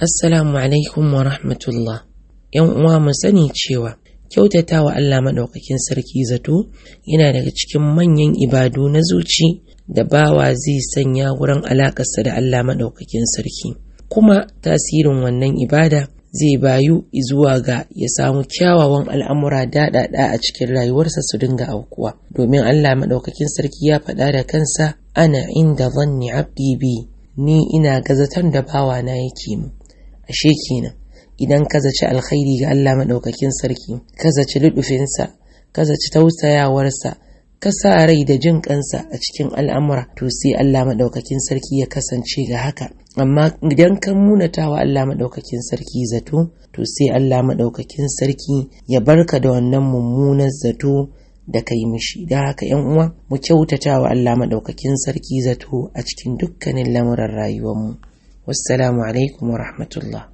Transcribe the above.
Assalamu alaikum wa rahmatullah. ‘Yan uwa mu sani cewa kyautata wa Allah maɗaukakin sarki zato yana daga cikin manyan ibadu na zuci da bawa zai sanya wurin alaƙarsa da Allah maɗaukakin sarki. Kuma tasirin wannan ibada zai bayu zuwa ga ya samu kyawawan al'amura daɗaɗa a cikin rayuwarsa su dinga aukuwa. Domin Allah maɗaukakin sarki ya faɗa da kansa, ana inda zanni abdi bi, ni ina gazatar da bawa bawana yake mu. ashe kenan idan ka zaci alkhairi ga Allah maɗaukakin sarki ka zaci luɗufinsa ka zaci tausayawarsa ka sa rai da jin kansa a cikin al'amura to sai Allah maɗaukakin sarki ya kasance ga haka amma idan ka munata wa Allah maɗaukakin sarki zato to sai Allah maɗaukakin sarki ya barka da wannan mummunan zato da kai mishi da haka yan uwa mu kyautata wa Allah maɗaukakin sarki zato a cikin dukkanin lamuran rayuwar mu. والسلام عليكم ورحمة الله